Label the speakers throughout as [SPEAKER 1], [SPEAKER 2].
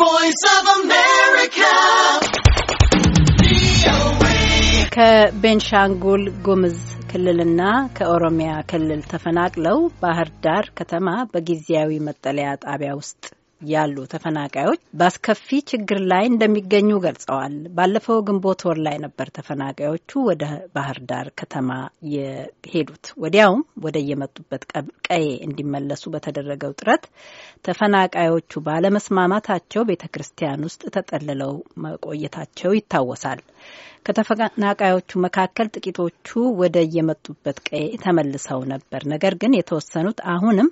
[SPEAKER 1] voice of America.
[SPEAKER 2] ከቤንሻንጉል ጉምዝ ክልልና ከኦሮሚያ ክልል ተፈናቅለው ባህር ዳር ከተማ በጊዜያዊ መጠለያ ጣቢያ ውስጥ ያሉ ተፈናቃዮች በአስከፊ ችግር ላይ እንደሚገኙ ገልጸዋል። ባለፈው ግንቦት ወር ላይ ነበር ተፈናቃዮቹ ወደ ባህር ዳር ከተማ የሄዱት። ወዲያውም ወደ የመጡበት ቀዬ እንዲመለሱ በተደረገው ጥረት ተፈናቃዮቹ ባለመስማማታቸው ቤተ ክርስቲያን ውስጥ ተጠልለው መቆየታቸው ይታወሳል። ከተፈናቃዮቹ መካከል ጥቂቶቹ ወደ የመጡበት ቀዬ ተመልሰው ነበር። ነገር ግን የተወሰኑት አሁንም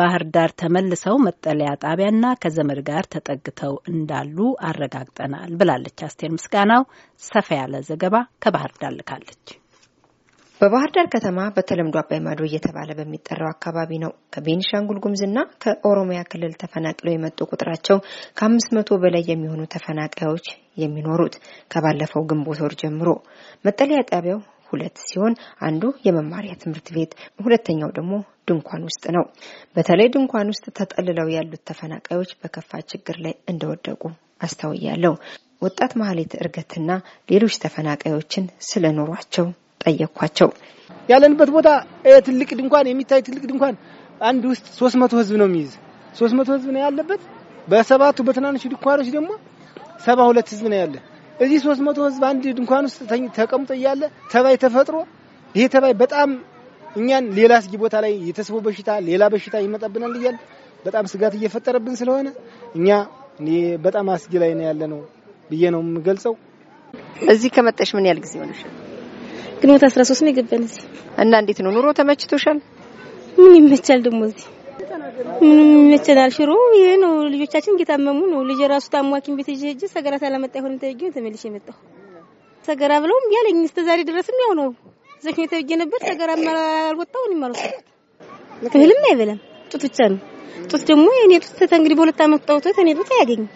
[SPEAKER 2] ባህር ዳር ተመልሰው መጠለያ ጣቢያና ከዘመድ ጋር ተጠግተው እንዳሉ አረጋግጠናል ብላለች። አስቴር ምስጋናው ሰፋ ያለ ዘገባ
[SPEAKER 3] ከባህር ዳር ልካለች። በባህር ዳር ከተማ በተለምዶ አባይ ማዶ እየተባለ በሚጠራው አካባቢ ነው። ከቤንሻንጉል ጉምዝና ከኦሮሚያ ክልል ተፈናቅለው የመጡ ቁጥራቸው ከአምስት መቶ በላይ የሚሆኑ ተፈናቃዮች የሚኖሩት ከባለፈው ግንቦት ወር ጀምሮ መጠለያ ጣቢያው ሁለት ሲሆን አንዱ የመማሪያ ትምህርት ቤት ሁለተኛው ደግሞ ድንኳን ውስጥ ነው። በተለይ ድንኳን ውስጥ ተጠልለው ያሉት ተፈናቃዮች በከፋ ችግር ላይ እንደወደቁ አስታውያለሁ። ወጣት መሀሌት እርገትና ሌሎች ተፈናቃዮችን
[SPEAKER 2] ስለኖሯቸው። ጠየኳቸው። ያለንበት ቦታ ትልቅ ድንኳን የሚታይ ትልቅ ድንኳን አንድ ውስጥ ሶስት መቶ ህዝብ ነው የሚይዝ ሶስት መቶ ህዝብ ነው ያለበት። በሰባቱ በትናንሽ ድንኳኖች ደግሞ ሰባ ሁለት ህዝብ ነው ያለ። እዚህ ሶስት መቶ ህዝብ አንድ ድንኳን ውስጥ ተቀምጦ እያለ ተባይ ተፈጥሮ ይሄ ተባይ በጣም እኛን ሌላ አስጊ ቦታ ላይ የተስቦ በሽታ ሌላ በሽታ ይመጣብናል እያለ በጣም ስጋት እየፈጠረብን ስለሆነ እኛ በጣም አስጊ ላይ ነው ያለ ነው ብዬ ነው የምገልጸው።
[SPEAKER 3] እዚህ ከመጣሽ ምን ያህል ጊዜ ሆነሻል? ግንቦት 13 ነው የገባን እዚህ። እና እንዴት ነው ኑሮ ተመችቶሻል?
[SPEAKER 2] ምን ይመቻል ደግሞ እዚህ ምንም ይመቸናል። ሽሮ ይሄ ነው። ልጆቻችን እየታመሙ ነው። ልጅ ራሱ ታሞ ሐኪም ቤት ይዤ ሂጅ ሰገራ ሳላመጣ ይሆን ተብዬ ተመልሼ መጣሁ። ሰገራ ብለውም ያለኝ እስከ ዛሬ ድረስም ያው ነው። ዘክኝ ተብዬ ነበር ሰገራ አልወጣው ነው ማለት ነው። እህልም አይበላም። ጡት ብቻ ነው። ጡት ደግሞ የኔ ጡት እንግዲህ በሁለት አመት ጣውቶት እኔ ጡት አያገኝም።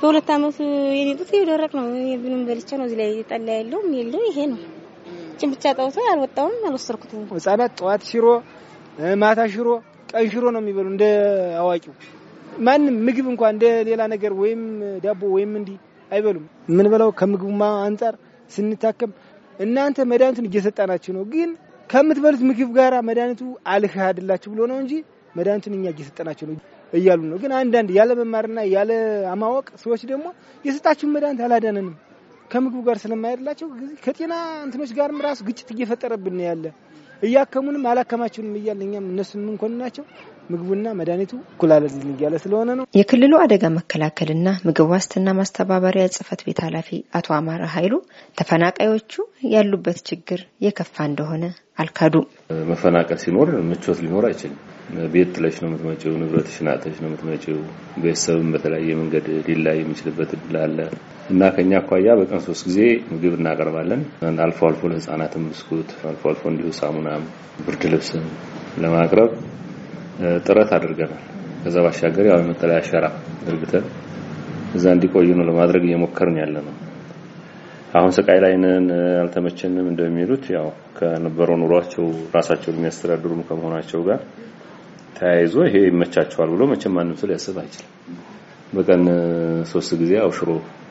[SPEAKER 2] በሁለት አመት የኔ ጡት ይደረቅ ነው። ምንም በልቼ ነው እዚህ ላይ ጠላ ያለው የለው ይሄ ነው። እችን ብቻ ጠውቶ አልወጣውም አልወሰድኩትም። ህጻናት ጠዋት ሽሮ፣ ማታ ሽሮ፣ ቀን ሽሮ ነው የሚበሉ እንደ አዋቂው። ማንም ምግብ እንኳን እንደ ሌላ ነገር ወይም ዳቦ ወይም እንዲህ አይበሉም። የምንበላው ከምግቡማ አንጻር ስንታከም እናንተ መድኃኒቱን እየሰጣናችሁ ነው፣ ግን ከምትበሉት ምግብ ጋራ መድኃኒቱ አልህ አድላችሁ ብሎ ነው እንጂ መድኃኒቱን እኛ እየሰጠናችሁ ነው እያሉ ነው። ግን አንዳንድ ያለ መማርና ያለ አማወቅ ሰዎች ደግሞ የሰጣችሁን መድኃኒት አላዳነንም ከምግቡ ጋር ስለማይደላቸው ከጤና እንትኖች ጋርም ራሱ ግጭት እየፈጠረብን ያለ እያከሙንም አላከማችሁንም እያለ እኛም እነሱም ናቸው ምግቡና መድኃኒቱ እኩላለልን እያለ ስለሆነ ነው።
[SPEAKER 3] የክልሉ አደጋ መከላከልና ምግብ ዋስትና ማስተባበሪያ ጽሕፈት ቤት ኃላፊ አቶ አማረ ኃይሉ ተፈናቃዮቹ ያሉበት ችግር የከፋ እንደሆነ
[SPEAKER 1] አልካዱም። መፈናቀል ሲኖር ምቾት ሊኖር አይችልም። ቤት ጥለሽ ነው የምትመጪው፣ ንብረትሽ ናጠሽ ነው የምትመጪው። ቤተሰብም በተለያየ መንገድ ሊላይ የሚችልበት እድል አለ። እና ከኛ አኳያ በቀን ሶስት ጊዜ ምግብ እናቀርባለን። አልፎ አልፎ ለህፃናትም ብስኩት፣ አልፎ አልፎ እንዲሁ ሳሙናም ብርድ ልብስም ለማቅረብ ጥረት አድርገናል። ከዛ ባሻገር ያው የመጠለያ አሸራ ድርግተን እዛ እንዲቆዩ ነው ለማድረግ እየሞከርን ያለ ነው። አሁን ስቃይ ላይ ነን፣ አልተመቸንም እንደሚሉት ያው ከነበረው ኑሯቸው ራሳቸውን የሚያስተዳድሩም ከመሆናቸው ጋር ተያይዞ ይሄ ይመቻቸዋል ብሎ መቼም ማንም ሰው ሊያስብ አይችልም። በቀን ሶስት ጊዜ አውሽሮ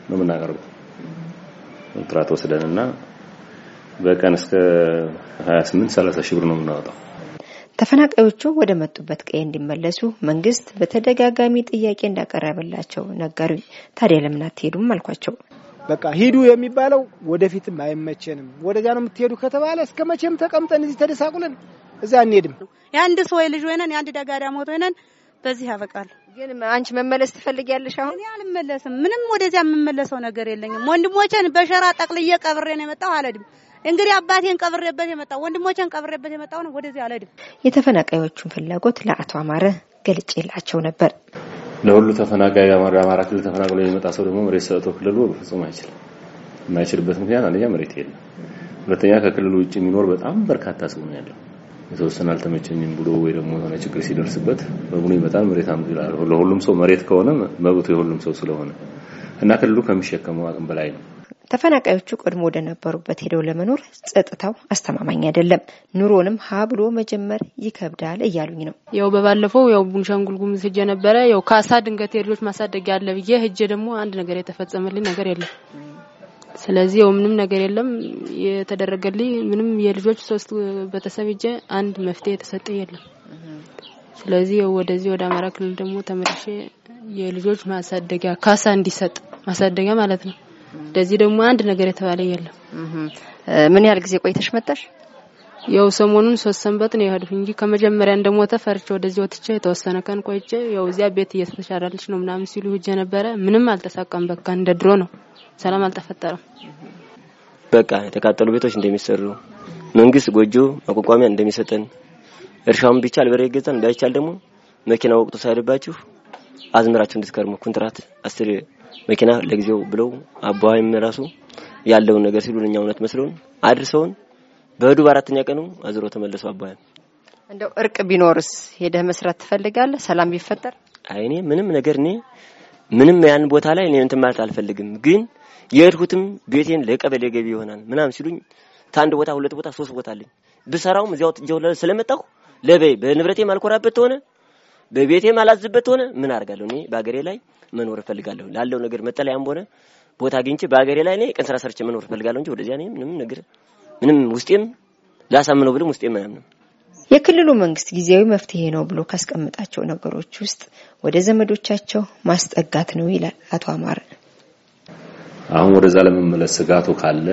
[SPEAKER 1] ነው የምናቀርበው። ኮንትራት ወስደንና በቀን እስከ 28 30 ሺህ ብር ነው የምናወጣው።
[SPEAKER 3] ተፈናቃዮቹ ወደ መጡበት ቀይ እንዲመለሱ መንግስት በተደጋጋሚ ጥያቄ እንዳቀረበላቸው
[SPEAKER 2] ነገሩኝ። ታዲያ ለምን አትሄዱም አልኳቸው። በቃ ሂዱ የሚባለው ወደፊትም አይመቸንም። ወደዚያ ነው የምትሄዱ ከተባለ እስከ መቼም ተቀምጠን እዚህ ተደሳቁልን እዛ አንሄድም። የአንድ
[SPEAKER 3] ሰው ልጅ ወይነን የአንድ ደጋዳ ሞት ወይነን በዚህ ያበቃል። ግን አንቺ መመለስ ትፈልጊያለሽ? አሁን እኔ አልመለስም። ምንም ወደዚያ የምመለሰው ነገር የለኝም። ወንድሞቼን በሸራ ጠቅልዬ ቀብሬ ነው የመጣው።
[SPEAKER 2] አልሄድም። እንግዲህ አባቴን ቀብሬበት የመጣው ወንድሞቼን ቀብሬበት የመጣው ነው። ወደዚያ አልሄድም።
[SPEAKER 3] የተፈናቃዮቹን ፍላጎት ለአቶ አማረ ገልጬላቸው ነበር።
[SPEAKER 1] ለሁሉ ተፈናቃይ አማራ ክልል ተፈናቅሎ የሚመጣ ሰው ደግሞ መሬት ሰጥቶ ክልሉ በፍጹም አይችልም። የማይችልበት ምክንያት አንደኛ መሬት የለም፣ ሁለተኛ ከክልሉ ውጭ የሚኖር በጣም በርካታ ሰው ነው ያለው የተወሰነ አልተመቸኝም ብሎ ወይ ደግሞ የሆነ ችግር ሲደርስበት በሙሉ ይመጣል። መሬት አምዱ ይላል። ለሁሉም ሰው መሬት ከሆነ መብቱ የሁሉም ሰው ስለሆነ እና ክልሉ ከሚሸከመው አቅም በላይ ነው።
[SPEAKER 3] ተፈናቃዮቹ ቀድሞ ወደ ነበሩበት ሄደው ለመኖር ጸጥታው አስተማማኝ አይደለም፣ ኑሮንም ሀ ብሎ መጀመር ይከብዳል
[SPEAKER 2] እያሉኝ ነው። ያው በባለፈው ያው ቡንሻንጉል ጉሙዝ ሄጄ ነበረ። ያው ካሳ ድንገት የልጆች ማሳደግ ያለ ብዬ ሄጄ ደግሞ አንድ ነገር የተፈጸመልኝ ነገር የለም። ስለዚህ ያው ምንም ነገር የለም የተደረገልኝ ምንም የልጆች ሶስት ቤተሰብ እጄ አንድ መፍትሄ የተሰጠ የለም። ስለዚህ ወደዚህ ወደ አማራ ክልል ደግሞ ተመልሼ የልጆች ማሳደጊያ ካሳ እንዲሰጥ ማሳደጊያ ማለት ነው። ለዚህ ደግሞ አንድ ነገር የተባለ የለም። ምን ያህል ጊዜ ቆይተሽ መጣሽ? ያው ሰሞኑን ሶስት ሰንበት ነው የሄድኩ እንጂ ከመጀመሪያ እንደሞተ ፈርቼ ወደዚህ ወጥቼ የተወሰነ ቀን ቆይቼ ያው እዚያ ቤት እየተሻሻለች ነው ምናምን ሲሉ ሂጄ ነበረ። ምንም አልተሳካም። በቃ እንደ ድሮ ነው። ሰላም አልተፈጠረም። በቃ የተቃጠሉ ቤቶች እንደሚሰሩ መንግስት ጎጆ ማቋቋሚያ እንደሚሰጠን እርሻውን ብቻ አልበሬ ይገዛን እንዳይቻል ደግሞ መኪና ወቅቱ ሳይደባችሁ አዝምራችሁ እንድትከርሙ ኮንትራት አስር መኪና ለጊዜው ብለው አባይ ራሱ ያለውን ነገር ሲሉ ለኛ እውነት መስሎን አድርሰውን በህዱ በአራተኛ ቀኑ አዝሮ ተመለሱ። አባይ
[SPEAKER 3] እንደው እርቅ ቢኖርስ ሄደህ መስራት ትፈልጋለህ? ሰላም ቢፈጠር
[SPEAKER 2] አይኔ ምንም ነገር እኔ ምንም ያን ቦታ ላይ እኔ እንትን ማለት አልፈልግም ግን የእርሁትም ቤቴን ለቀበሌ ገቢ ይሆናል ምናምን ሲሉኝ ታንድ ቦታ ሁለት ቦታ ሶስት ቦታ አለኝ። ብሰራውም እዚያው ጥጀው ስለመጣሁ ለበይ በንብረቴ ማልኮራበት ሆነ በቤቴ ማላዝበት ሆነ ምን አርጋለሁ እኔ በአገሬ ላይ መኖር እፈልጋለሁ። ላለው ነገር መጠለያም ሆነ ቦታ አግኝቼ በአገሬ ላይ እኔ ቀን ስራ ሰርቼ መኖር እፈልጋለሁ እንጂ ወደዚያ እኔ ምንም ነገር ምንም ውስጤም ላሳምነው ብልም ውስጤም ምናምን
[SPEAKER 3] የክልሉ መንግስት ጊዜያዊ መፍትሄ ነው ብሎ ካስቀምጣቸው ነገሮች ውስጥ ወደ ዘመዶቻቸው ማስጠጋት ነው ይላል አቶ አማረ።
[SPEAKER 1] አሁን ወደዛ ለመመለስ ስጋቱ ካለ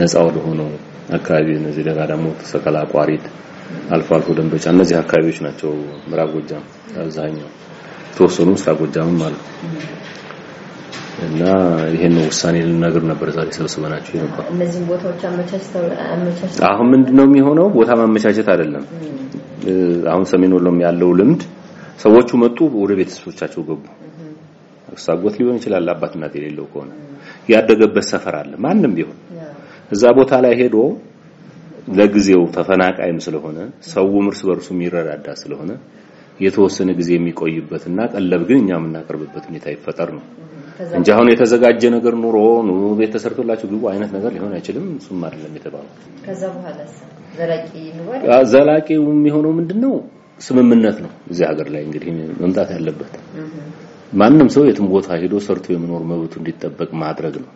[SPEAKER 1] ነፃ ወደሆነው አካባቢ እነዚህ ደጋ ዳሞት፣ ሰቀላ፣ ቋሪት፣ አልፎ አልፎ ደንበጫ እነዚህ አካባቢዎች ናቸው። ምዕራብ ጎጃም አብዛኛው ተወሰኑ ምስራቅ ጎጃምም አሉ እና ይሄን ነው ውሳኔ ልንነግር ነበር ዛሬ ሰብስበናቸው የነበረው። እነዚህ
[SPEAKER 3] ቦታዎች አመቻችተው አመቻችተው
[SPEAKER 1] አሁን ምንድነው የሚሆነው? ቦታ ማመቻቸት አይደለም። አሁን ሰሜን ወሎም ያለው ልምድ ሰዎቹ መጡ፣ ወደ ቤተሰቦቻቸው ገቡ። ሳጎት ሊሆን ይችላል አባት እናት የሌለው ከሆነ ያደገበት ሰፈር አለ ማንም ቢሆን እዛ ቦታ ላይ ሄዶ ለጊዜው ተፈናቃይም ስለሆነ ሰውም እርስ በርሱ የሚረዳዳ ስለሆነ የተወሰነ ጊዜ የሚቆይበትና ቀለብ ግን እኛ የምናቀርብበት ሁኔታ ይፈጠር ነው እንጂ አሁን የተዘጋጀ ነገር ኑሮ ኑ ቤት ተሰርቶላችሁ ግቡ አይነት ነገር ሊሆን አይችልም። እሱም አይደለም የተባለው።
[SPEAKER 3] ከዛ ዘላቂ
[SPEAKER 1] የሚሆነው ምንድነው? ስምምነት ነው። እዚህ ሀገር ላይ እንግዲህ መምጣት ያለበት ማንም ሰው የትም ቦታ ሄዶ ሰርቶ የመኖር መብቱ እንዲጠበቅ ማድረግ ነው።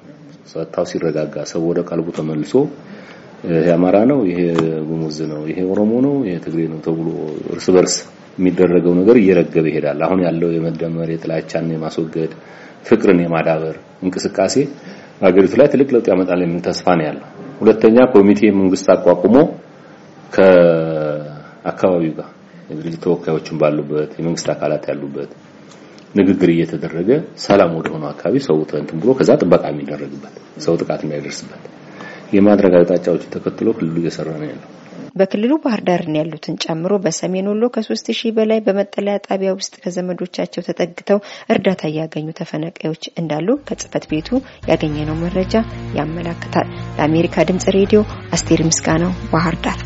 [SPEAKER 1] ጸጥታው ሲረጋጋ ሰው ወደ ቀልቡ ተመልሶ ይሄ አማራ ነው፣ ይሄ ጉሙዝ ነው፣ ይሄ ኦሮሞ ነው፣ ይሄ ትግሬ ነው ተብሎ እርስ በርስ የሚደረገው ነገር እየረገበ ይሄዳል። አሁን ያለው የመደመር የጥላቻን የማስወገድ ፍቅርን የማዳበር እንቅስቃሴ በሀገሪቱ ላይ ትልቅ ለውጥ ያመጣል የሚል ተስፋ ነው ያለው። ሁለተኛ ኮሚቴ መንግስት አቋቁሞ ከአካባቢው ጋር የድርጅት ተወካዮችን ባሉበት የመንግስት አካላት ያሉበት ንግግር እየተደረገ ሰላም ወደ ሆነው አካባቢ ሰው እንትን ብሎ ከዛ ጥበቃ የሚደረግበት ሰው ጥቃት የሚያደርስበት የማድረግ አቅጣጫዎችን ተከትሎ ክልሉ እየሰራ ነው ያለው።
[SPEAKER 3] በክልሉ ባህር ዳርን ያሉትን ጨምሮ በሰሜን ወሎ ከሶስት ሺህ በላይ በመጠለያ ጣቢያ ውስጥ ከዘመዶቻቸው ተጠግተው እርዳታ እያገኙ ተፈናቃዮች እንዳሉ ከጽህፈት ቤቱ ያገኘነው መረጃ ያመላክታል። ለአሜሪካ ድምጽ ሬዲዮ አስቴር ምስጋናው ባህር ዳር